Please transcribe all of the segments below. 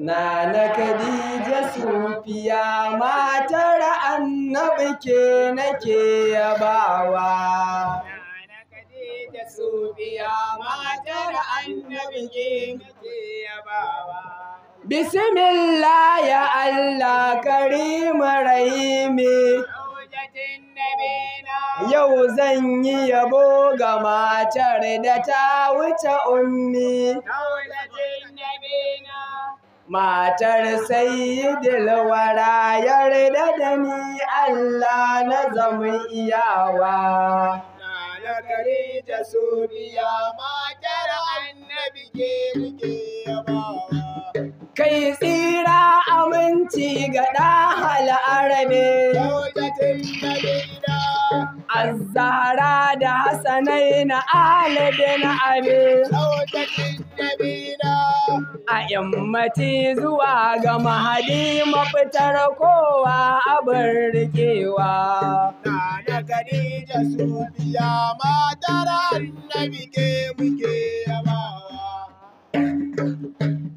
Nana Khadija Sufiya matar annabi ke nake Na Khadija Sufiya matar annabi ke nake yabawa. Bismillah Allah karim rahimi. Yau zan yi yabo ga matar da ta wuce ummi. matar sayyidil wara yarda da ni Allah na zama iyawa na gari da suriya matar annabi ke kai tsira aminci ga ɗan da A zahara da Hassanai na alade na abin A yammaci zuwa ga Mahalli mafi tara kowa abin riƙewa. Nana Khadija sun yi matanin da muke muke yawa.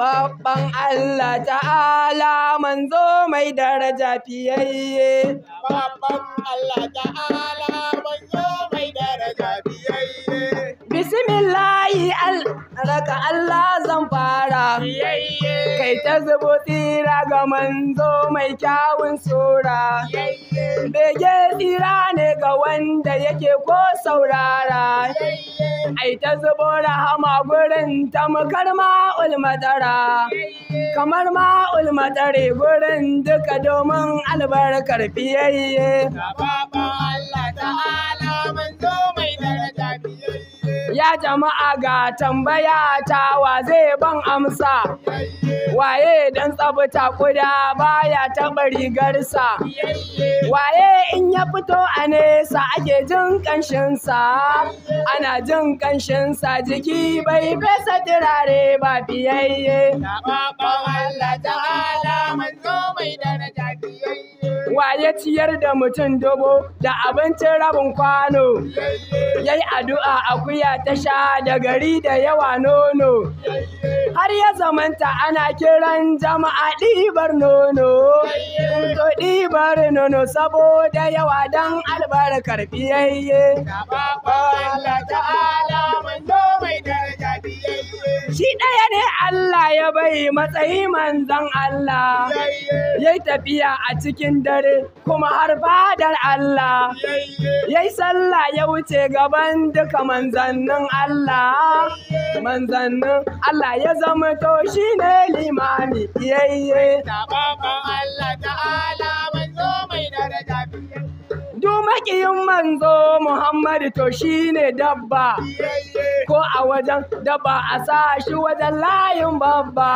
Babban Allah ta'ala manzo mai daraja fiyayye. Babban Allah ta'ala manzo mai daraja fiyayye. bismillah Al. Ka Allah zan fara kai ta zubo tsira ga manzo mai kyawun tsora bege tsira ne ga wanda yake ko saurara ai ta zubo rahama gurin tamkar ma'ul madara kamar ma'ul madare gurin duka domin albarkar fiyayye Allah ta'ala Ya jama'a ga tambaya ta wa zai ban amsa, waye dan tsabta kuda baya taɓa rigarsa, waye in ya fito a nesa ake jin ƙanshinsa, ana jin ƙanshinsa jiki bai fesa turare ba fiyayye. Allah ta'ala mun zo mai daraja fiyayye. wa ya ciyar da mutum dobo da abincin rabin kwano ya yi addu'a akuya ta sha da gari da yawa nono har ya zamanta ana kiran jama'a ɗibar nono to ɗibar nono saboda yawa don albarkar ta ala mai daraja shi ɗaya ne Allah ya bai matsayi manzon Allah ya tafiya a cikin dare kuma har fadar Allah ya sallah ya wuce gaban duka manzannin Allah manzannin Allah ya zama to shi ne limami yayye Allah ta'ala manzo mai makiyin manzo Muhammadu to shine dabba ko a wajen dabba a sa shi wajen layin babba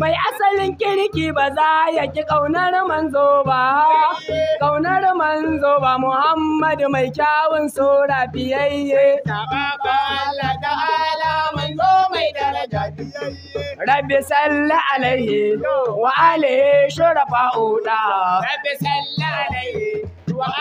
mai asalin kirki ba za ya ki ƙaunar manzo ba ƙaunar manzo ba Muhammadu mai kyawun sura biyayye Rabbi salla alaihi wa alaihi shurafa uda Rabbi salla alaihi wa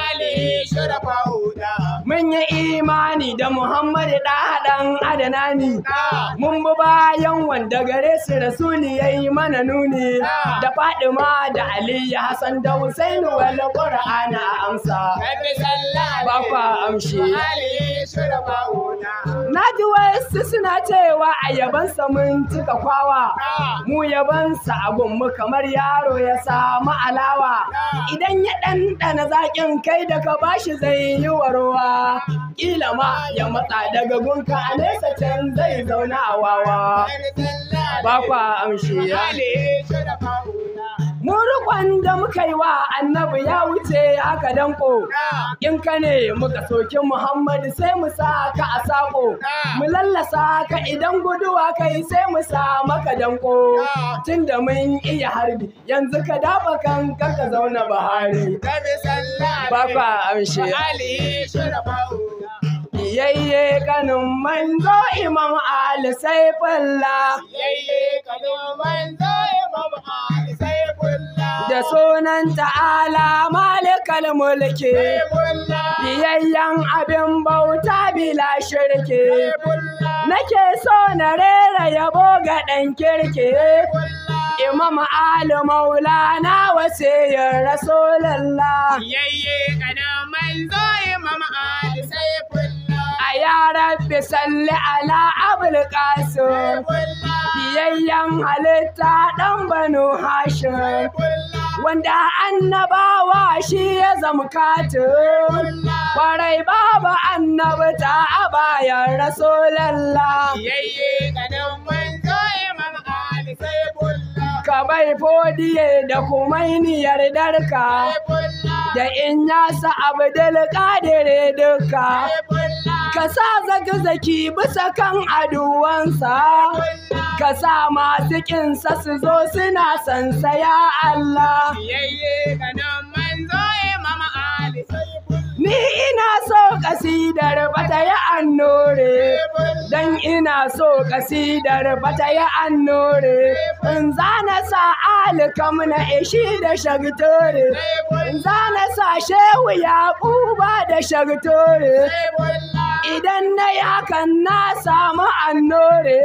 imani da Muhammad da adana adanani ah. mun bi bayan wanda gare su rasuli yi mana nuni ah. da Fadima da Ali Hassan da Hussein wal Qur'ana amsa ba kwa amshi na ji wasu suna cewa a yabansa mun cika kwawa ah. mu yabansa abun mu kamar yaro ya samu alawa idan ya ɗanɗana zaƙin yin kai da ka ba shi zai yi warwa kila ma ya matsa daga gunka a nesa can zai zauna a wawa ba kwa amshi mu rikon da muka yi wa annabi ya wuce aka danko in ka ne muka soki muhammadu sai mu sa ka a saƙo. mu lallasa ka idan guduwa ka yi sai mu sa maka danko tun da mun iya harbi yanzu ka dafa kan ka zauna bahari Baba amshe yayye kanin manzo imam ali sai yayye kanin manzo imam ali sunan ta'ala malikal mulki biyayyan abin bauta bila shirki nake so na rera yabo ga ɗan kirki imam ali maulana wasiyin rasulallah yayye kana zo imam ali saifullah ya rabbi salli ala abul qasim biyayyan halitta dan banu hashim wanda annabawa shi ya zama katin kwarai babu annabta a bayan rasulallah ka bai fodiye da kumainiyar darka da in yasa abdul kadire duka ka sa zaki-zaki bisa kan aduwansa ka sa masu sa su zo suna sansa ya Allah eh, ni ina so kasidar bata ya annore eh, dan ina so kasidar bata ya annore eh, in zana sa alikam na ishi da shagtore in zana sa shehu ya da shagtore idan na yi hakan na samu annore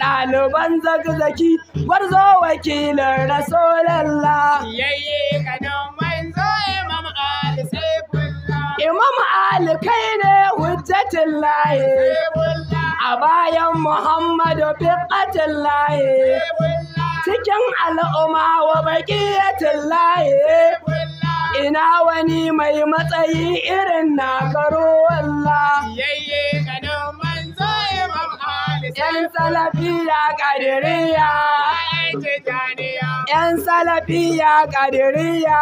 ɗaliban zagzaki gwarzo wakilin rasulalla yayye zo imam ali imam ali kai ne hujjatin laye a bayan muhammadu fiƙatin laye cikin al'umma wa baqiyatin laye ina wani mai matsayi irin na karo walla yayye gano manzo imam ali yan salafiya kadiriya yan salafiya kadiriya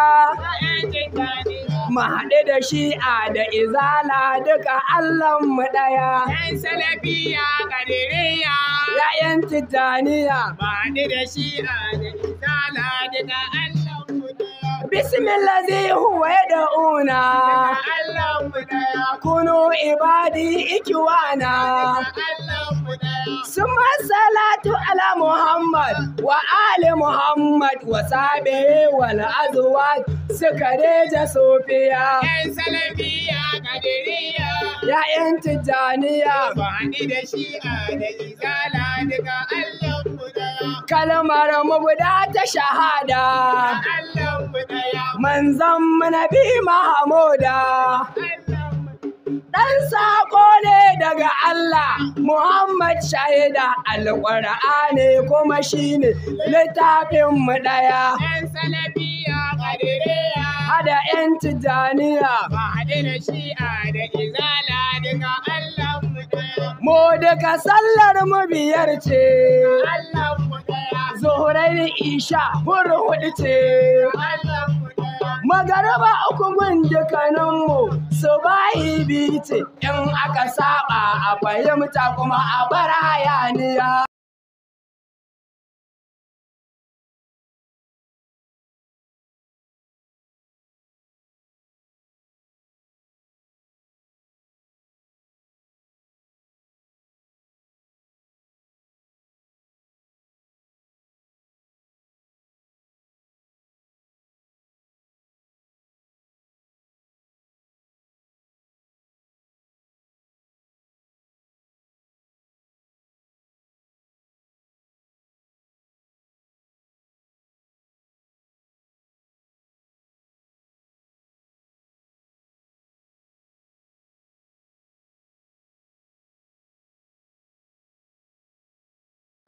mu haɗu da shi'a da izala duka mu ɗaya yan salafiya kadiriya ya'yan titaniya. mu haɗu da shi'a da izala duka Bismillah zai huwa da una. Kunu ibadi ikiwana. Sun salatu ala Muhammad wa Ali Muhammad wa sabe wa azuwa su kareja sofiya. Yan salafiya kadiriya. Ya yan tijaniya. Ba da shi'a da isala daga Allah. kalmar mu guda ta shahada manzan mu nabi mahamuda dan sako ne daga Allah Muhammad shaida Alqur'ani kuma shine littafin mu daya hada yan tijaniya shi'a da izala daga Allah mu duka sallar mu biyar ce Allah zuhurai isha huru huɗu ce magaraba uku gun dukkaninmu su ba biyu ce in aka saba a fahimta kuma a bar hayaniya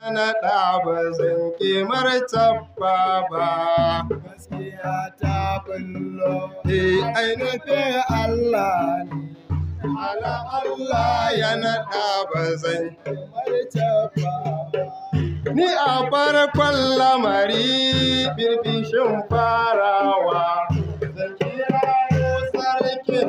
da ba zan kimar tabba ba. Gaskiya ta bullo. Eh ainihin Allah ne. Ala Allah ya naɗa ba zan kimar tabba Ni a farkon lamari birbishin farawa. Zan yi sarkin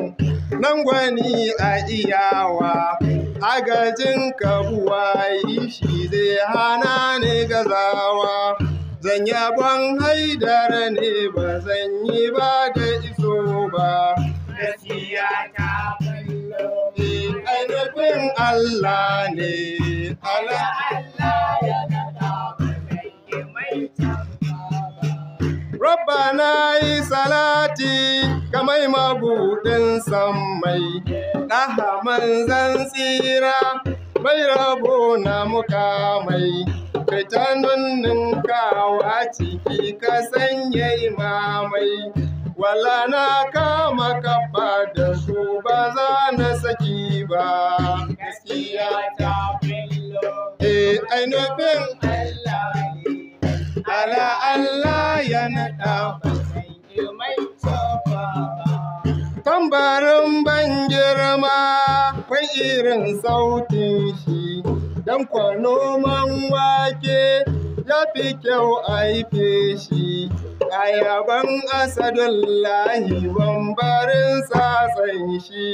nan gwani a iyawa. agajin kabuwa ishi shi zai hana ni gazawa zan yabon haidar ne ba zan yi ba da iso ba gaskiya ta bullo eh, ainihin Allah ne Allah ya mai Rabbana yi salati kamai mabuɗin sammai. ɗaha manzan tsira mai rabo na mai, kai ta kawa ciki ka sanya mamai wala na kama kafa da su ba za na saki ba gaskiya ta eh ainufin Allah ne ala Allah ya naɗa mai tsofa tambarin ban girma kwan irin sautin shi dan kwanoman wake ya fi kyau a aife shi ayaban asadullahi bambarin sasan shi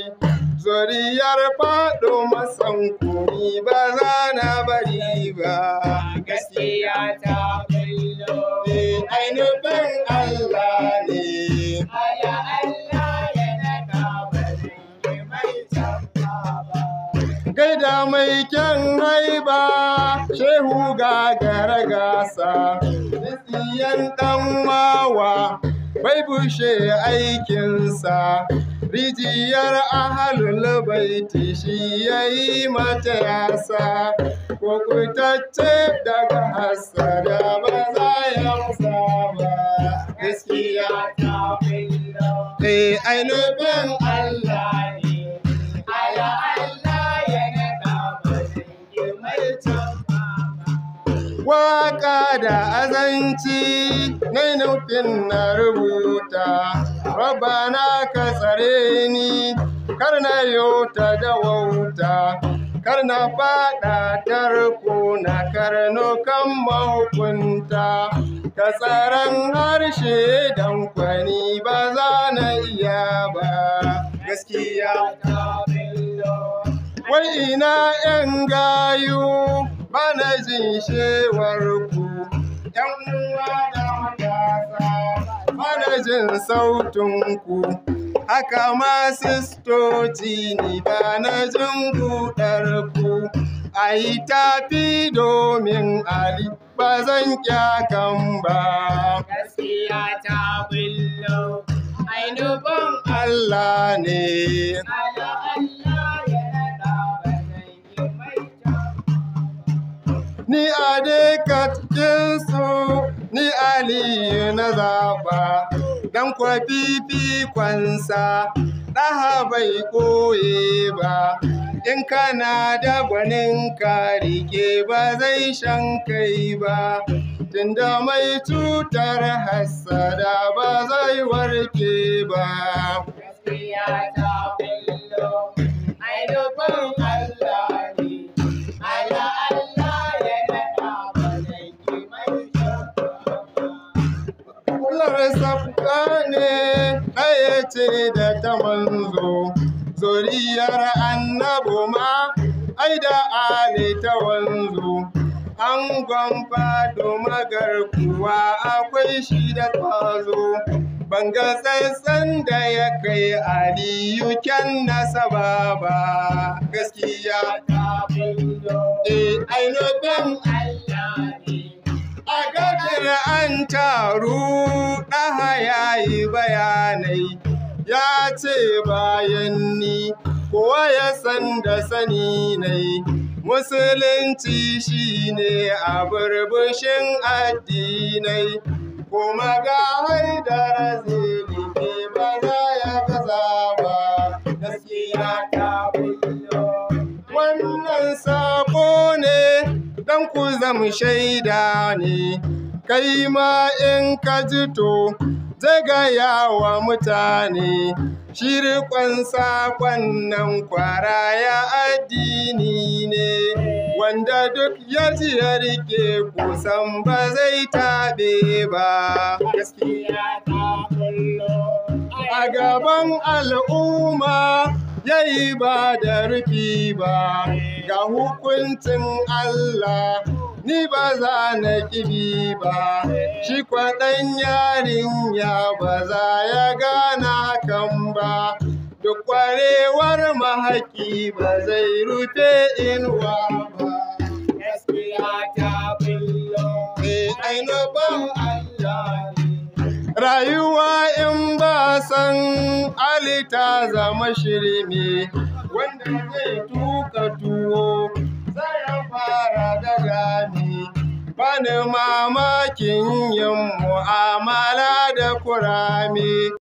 zuriyar faɗo masan kuri ba za na bari ba gaskiya ta bayyana eh, ainihin Allah gaida mai kyan haiba shehu ga gara gasa Nisiyan ɗan mawa bai bushe aikinsa rijiyar ahalul baiti shi yayi mata yasa kokutacce daga hasada ba za ya ba gaskiya ta fi eh, ai ainihin Allah Waka da azanci na nufin na rubuta, na ka tsare ni, kar na yota da wauta, kar na faɗa tarko na karno kan mahukunta, ta tsaron harshe don ba za na iya ba, gaskiya ta wai ina ‘yan gayu bana jin shewarku, ‘yan uwa da matasa bana jin ku. haka ma sistoci ni bana jin ku. a yi tafi domin Ali ba zan kyakan ba. Gaskiya ta bullo, ai Allah ne. duka su ni aliyu na zaba dan kuwa fifikonsa ɗaha bai koye ba in kana da gwaninka karike ba zai shan kai ba tunda mai cutar hassada ba zai warke ba gaskiya ta kullo ai Allah Biyar annabu ma ai da ali ta wanzu an gwamba magar kuwa akwai shi da kwazo banga tsantsan da ya kai aliyu kyan nasaba ba gaskiya eh ainihin allah ne a gadar an taru ɗaha ya yi bayanai ya ce bayan ni kowa ya san da sani ne musulunci shi ne a burbushin addinai kuma ga haidar zini ne ba za ya gaza ba gaskiya ta wannan sako ne dan ku zama shaida ne kai ma in ka jito ta gaya wa mutane shirkon sakon nan kwaraya addini ne wanda duk ya ci ya rike kusan ba zai taɓe ba a gaban al'umma ya yi ba da rufi ba ga hukuncin Allah ni ba za na kibi ba shi kwaɗan ya ba za ya gana kan ba Da kwarewar mahaki ba zai rufe inuwa ba Allah rayuwa in ba san ali ta zama shirme wanda zai tuka tu. mamakin yin mu'amala da kurame